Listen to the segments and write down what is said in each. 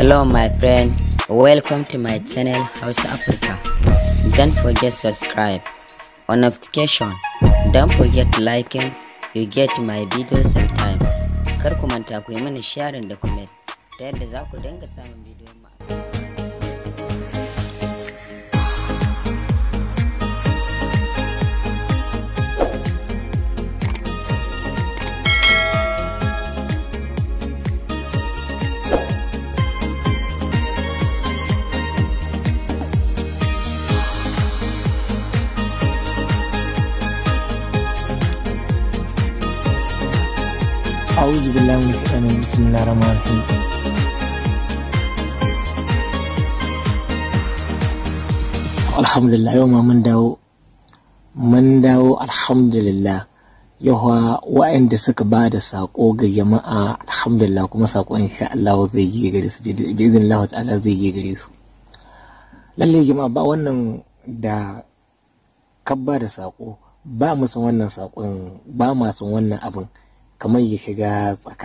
Hello my friend, welcome to my channel House Africa. Don't forget subscribe on notification. Don't forget liking, you get my videos sometime. Kar ku manta ku yi mana sharing da comment ta yadda za ku dinga samun bidiyon الله من بسم الله الرحمن الرحيم alhamdulillah yau ma mun dawo mun dawo alhamdulillah yawa wa'anda suka ba da saƙo ga jama'a alhamdulillah kuma saƙo in sha Allah zai yi gare su bi Allah ta'ala zai yi gare su lalle jama'a ba wannan da kabba da saƙo ba mu san wannan saƙon ba ma san wannan abin kamar ya shiga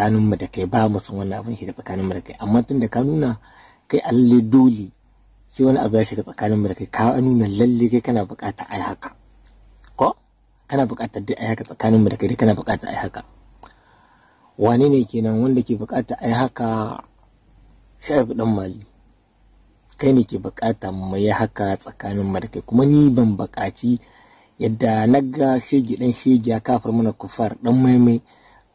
mu da kai ba mu san wani abin shiga mu da kai amma tun da ka nuna kai alle dole sai wani abu ya shiga mu da kai ka nuna lalle kai kana bukata ai haka ko kana bukata dai ai haka mu da kai kana bukata ai haka wane ne kenan wanda ke bukata ai haka sha'ib dan mali kai ne ke bukata mu yi haka mu da kai kuma ni ban bukaci yadda naga ga shege dan shege ya kafar mana kufar dan maimai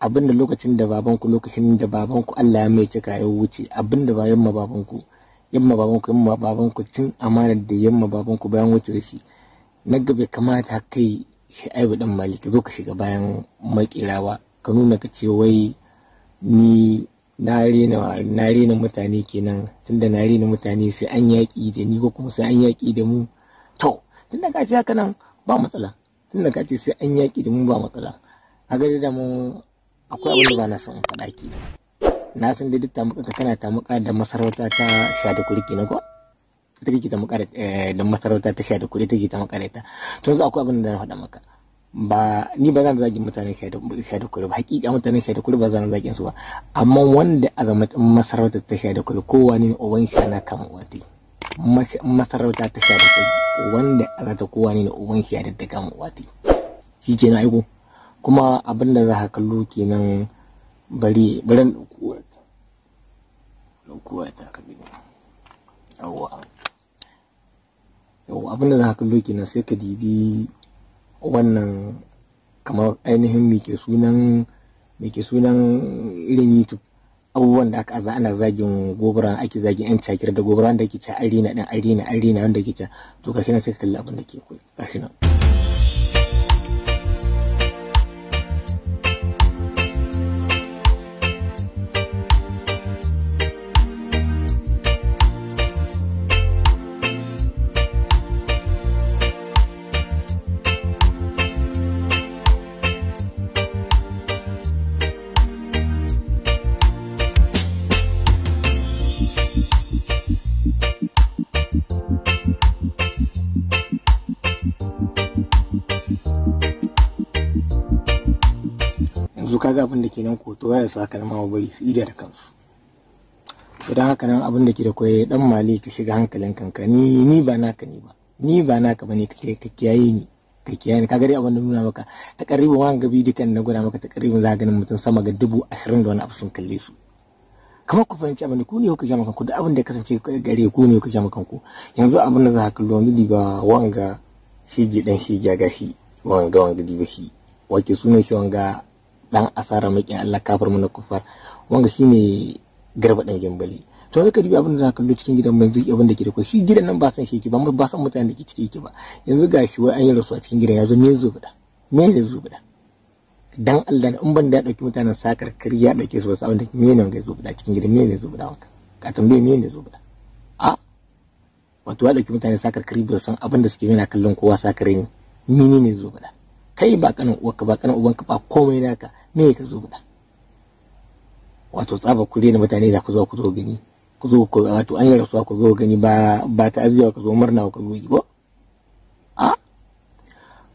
abinda lokacin da babanku lokacin da babanku Allah ya mai cika ya wuce abinda ba yamma babanku yamma babanku yamma babanku cin amanar da yamma babanku bayan wuce da shi na gaba kamata kai shi aibu dan malik zo ka shiga bayan makirawa ka nuna ka ce wai ni na rena mutane kenan tunda na rena mutane sai an yaƙi da ni ko kuma sai an yaƙi da mu to tunda ka ce haka nan ba matsala tunda ka ce sai an yaƙi da mu ba matsala a gari da mu akwai abin da ba na son in faɗa ki na san da duk muka kana muka da masarauta ta sha da kurki na ko ita ta muka eh, da masarauta ta sha da kike ta muka da ita to yanzu akwai abin da na faɗa maka ba ni ba zan zaki mutanen sha da kurki ba hakika mutanen sha da kurki ba zan zaki su ba amma wanda a zama masarauta ta sha da kurki kowa ne uban shi na kama wata masarauta ta sha da kurki wanda a zata kowa ne uban shi daddaka kama wata shi kenan aiko kuma abin da za ka kallo kenan bari barin ɗaukuwata ɗaukuwata ka gani yawwa yawwa abin da za ka kallo kenan sai ka dibi wannan kamar ainihin mike sunan mike sunan irin youtube abubuwan da aka aza ana zagin gobara ake zagin yan cakir da gobara da ke ca arena din arena arena wanda ke ca to shi nan sai ka kalli abin da ke kai gashi nan ga abin da ke nan ko to yayin sa kalma bari su ida da kansu idan haka nan abin da ke da koyi dan mali ka shiga hankalin kanka ni ni ba naka ne ba ni ba naka bane ka kai ka kiyaye ni ka kiyaye ni kaga dai abin da nuna maka ta karibin wani gabi dukan na guda maka ta karibin za ganin mutum sama ga dubu ashirin da wani abu sun kalle su kamar ku fahimci abin da ku ne kuka jama kanku da abin da kasance gare ku ne kuka jama kanku yanzu abin da za ka kallo wani diba wanga shi ji dan shige ga shi wanga wanga diba shi wake sunan shi wanga dan asara muke Allah kafir mu na kufar wanga shine garba dan gimbali to zaka dubi abin da zaka kallo cikin gidan manzo abin da ke da shi gidan nan ba san shi yake ba ba san mutane da ke ciki yake ba yanzu gashi wai an yi rasuwa cikin gidan zo me zo bada me ne zo bada dan Allah in ban da dauki mutanen sakar kari ya dauke su wasu me ne ga zo bada cikin gidan me ne zo bada wanka ka tambaye me ne zo bada a wato ya dauki mutanen sakar kari ba san abin da suke yana kallon kowa sakare ne menene zo bada kai ba kanin uwanka ba kanin uwanka ba komai naka me ka zo da wato tsaba ku na mutane da ku zo ku zo gani ku zo ku wato an yi rasuwa ku zo gani ba ba ta aziya ku zo murna ku zo yi ba a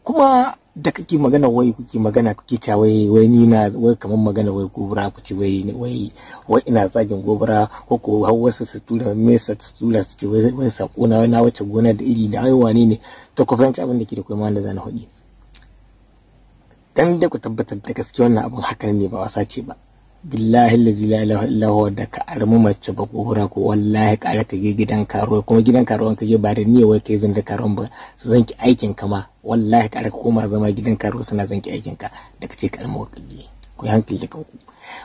kuma da kake magana wai kuke magana kuke ta wai wai ni na wai kamar magana wai gobara ku ce wai wai wai ina tsagin gobara ko ko har wasu su tura me su tura su ce wai sako na wai na wace gona da iri da ai wane ne to ku fahimci abin da ke da kuma wanda zan haɗi dan dai ku tabbatar da gaske wannan abin haka ne ba wasa ce ba billahi allazi la ilaha illa huwa da ka armu mace ba ko hura ko wallahi kare ka gidan karuwa kuma gidan karuwan ka je ba da ni wai kai zan da karuwan ba su zan ki aikin ka ma wallahi kare ka koma zama gidan karuwa suna zan ki aikin ka da kace armu wakili ku hankali da kanku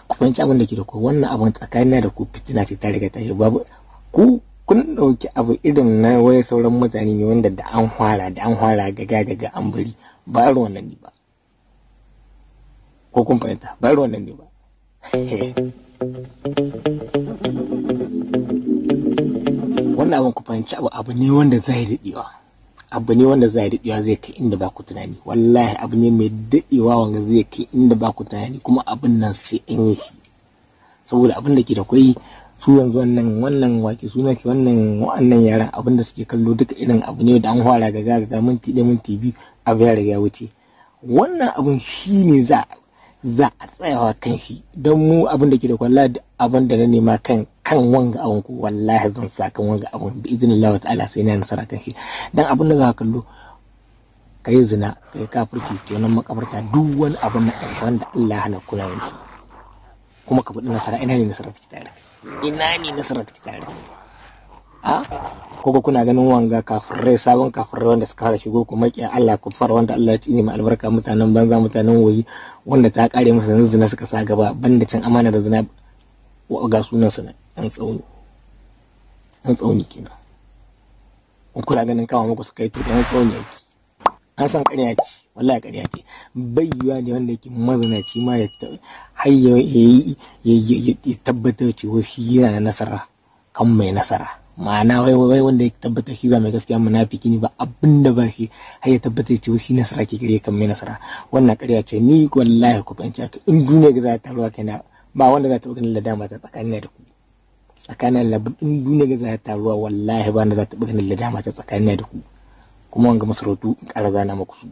ku fahimci abin da ke da ku wannan abin tsakanin da ku fitina ce ta riga ta babu ku kun ɗauki abu irin na wai sauran mutane ne wanda da an fara da an fara gaga gaga an bari ba ruwan nan ne ba ko kun fahimta ba ruwan nan ne ba wannan abin ku fahimci abu abu ne wanda zai daɗewa abu ne wanda zai daɗewa zai kai inda ba ku tunani wallahi abu ne mai daɗewa wanda zai kai inda ba ku tunani kuma abin nan sai an yi shi saboda abin da ke da kwai su yanzu wannan wannan wake suna ke wannan wa'annan yaran abin da suke kallo duka irin abu ne da an fara gaga gaga minti ɗaya minti biyu abu ya riga wuce wannan abin shi ne za za a tsayawa kan shi don mu abin da ke da kwalla abin da na nema kan kan wanga abin ko wallahi zan sa kan wanga abin bi izinin Allah ta'ala sai na nasara kan shi dan abin da za ka kallo ka yi zina ka yi kafirci to nan makabarta duk wani abin na wanda Allah na kula da shi kuma ka budi nasara ina ne nasara take tare ina ne nasara take tare a ko kuna ganin wanga kafirai sabon kafirai wanda suka fara shigo Kuma maƙiya Allah ku fara wanda Allah ya cinye mu albarka mutanen banza mutanen wayi wanda ta kare masa yanzu zina suka sa gaba banda cin amana da zina ga sunan su an tsauni an tsauni kina. ku kuna ganin kawo muku suka yi to an tsauni yake an san ƙarya ce wallahi ƙarya ce bayyuwa ne wanda yake mazinaci ma ya har ya tabbatar cewa shi yana da nasara kan mai nasara ma'ana wai wai wanda ya tabbata shi ba mai gaskiya munafiki ne ba abinda ba shi har ya tabbata ya ce shi nasara ke gare kan mai nasara wannan ƙarya ce ni wallahi ku fahimci ka in duniya ga za ta ruwa kaina ba wanda za ta buga da ladama ta tsakanin da ku tsakanin labin in duniya ga za ta ruwa wallahi ba wanda za ta buga da ladama ta tsakanin da ku kuma wanga masarautu in ƙara zana muku su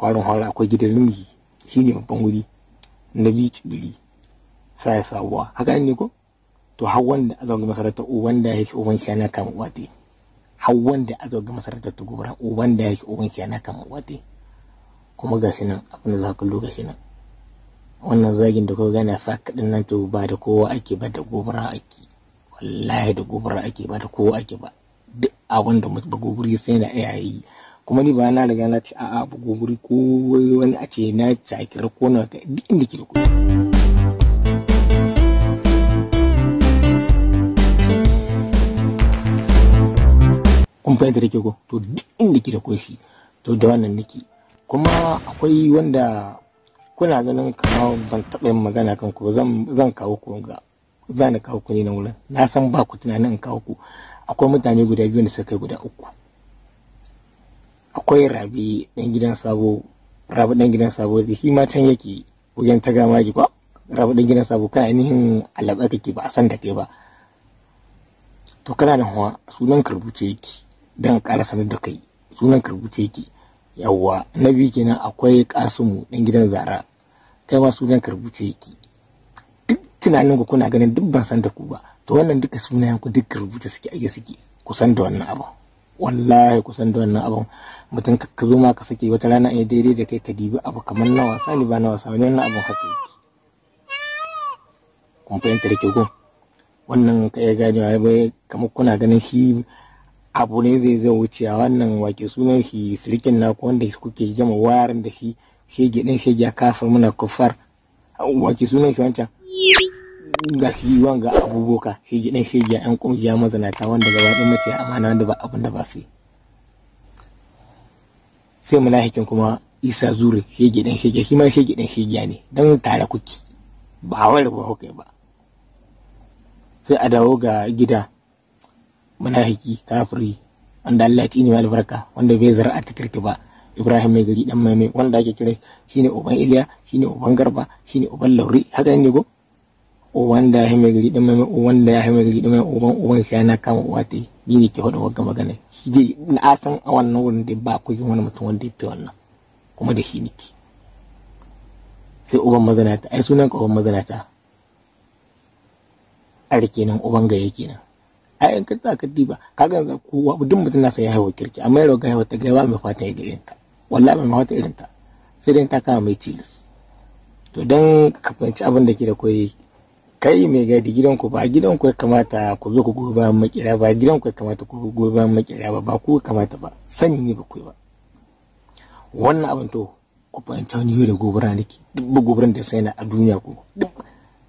warin hawa akwai gidan lungi shine babban wuri na biyu tsibiri sa ya sabuwa haka ne ko to har wanda a zaga masarautar uban da yake uban shi yana kama uwa te har wanda a zaga masarautar ta gobara uban da yake uban shi yana kama uwa te kuma ga shi nan abin da za ka lura shi nan wannan zagin da ko gana fa kadin nan to ba da kowa ake ba da gobara ake wallahi da gobara ake ba da kowa ake ba duk abin da mutum bagoguri sai na iya yi kuma ni ba na riga na ci a'a bagoguri ko wani a ce na ci a kira ko na duk inda ke da kuɗi. kun fahimta da ke ko to duk inda ke da koshi to da wannan nake kuma akwai wanda kuna ganin kamar ban taɓa yin magana kan ku zan kawo ku ga zan kawo ku ne na wurin na san ba ku tunanin in kawo ku akwai mutane guda biyu da suka kai guda uku akwai rabi ɗan gidan sabo rabi ɗan gidan sabo da shi ma can yake wajen ta gama ji ba rabi ɗan gidan sabo kana ainihin alaɓa kake ba a san da kai ba to kana da hawa sunan karbuce yake don ƙara sanar da kai sunan karbuce yake yawwa na biyu kenan akwai kasumu ɗan gidan zara kai ma sunan karbuce yake duk tunanin ku kuna ganin duk ban san da ku ba to wannan duka sunayen ku duk karbuce suke ake suke ku san da wannan abu wallahi ku da wannan abu mutum ka zo ma ka sake wata rana ya daidai da kai ka dibi abu kamar na wasa ne ba na wasa ne wannan abu haka yake kun fahimta da ke gun wannan ka iya ganewa kamar kuna ganin shi abu ne zai zai wuce a wannan wake sunan shi sirikin na wanda kuke gama wayarin da shi shege din shege ya kafa muna kufar wake sunan shi wancan ga shi wanga abubuwa shege din shege yan ƙungiya, mazanata wanda gaba ɗin mace amana wanda ba abin da ba su sai mulahikin kuma isa zuri shege din shege shi ma shege din shege ne don tare kuki ba wani ba ba sai a dawo ga gida munafiki kafiri wanda Allah ya ne albarka wanda bai zara ta kirki ba Ibrahim mai gari dan mai wanda ake kira shine uban Iliya shine uban Garba shine uban Lauri haka ne go uban da ya mai gari dan mai uban da ya mai gari dan maimai uban uban shi yana kama uwa ta ni ne ke hada wagga magana shi dai na san a wannan wurin da ba ku yi wani mutum wanda ya fi wannan kuma da shi niki sai uban mazanata ai sunan ka uban mazanata a rike nan uban gaya kenan ai in ka ba ka diba kaga yanzu kowa duk mutum na sai ya haihu kirki amma ya roga haihu ta gaiwa mai fata ya gare ta wallahi ba mai fata irin ta sai dai ta kama mai tilis to dan ka fahimci abin da ke da koyi kai mai gadi gidan ku ba gidan ku ya kamata ku zo ku goyi bayan makera ba gidan ku ya kamata ku goyi bayan makera ba ba ku kamata ba sani ne ba ku ba wannan abin to ku fahimci wani yau da gobara nake duk ba gobaran da sai na a duniya ku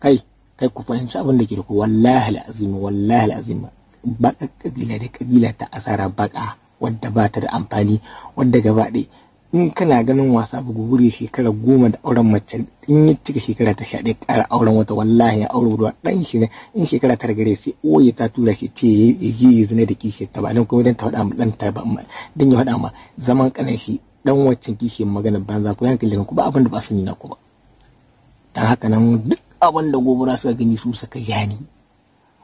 kai kai ku fahimci abin da ke da ku wallahi al'azimi wallahi al'azimi baƙar ƙabila da kabila ta asara baka wadda ba ta da amfani wadda gaba ɗaya in kana ganin wasa bugu wuri shekara goma da auren mace in ya cika shekara ta sha ɗaya ƙara auren wata wallahi ya auren ruwa ɗan shi ne in shekara ta gare sai oye ta tura shi ce ya yi zina da kishi ta ba don kuma don ta faɗa ma ɗan ta ba don ya faɗa ma zaman ƙanan shi ɗan waccan kishi magana banza ko yankin lagan ku ba abin da ba su nuna ku ba don haka nan duk abin gobara suka gani su suka yani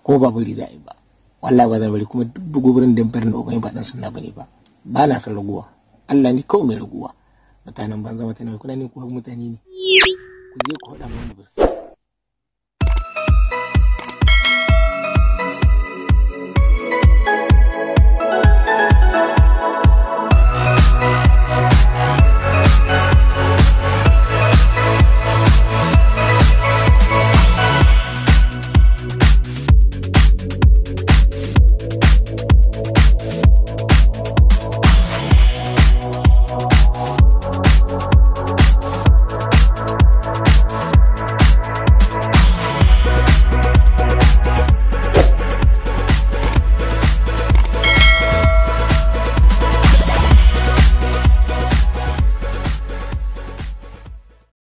ko ba bari za a ba wallahi ba zan bari kuma duk buguburin da na uban ba dan sunna bane ba ba na san raguwa Allah ni kawai mai raguwa mutanen banza mutane kuna ne ku mutane ne ku je ku haɗa mana ba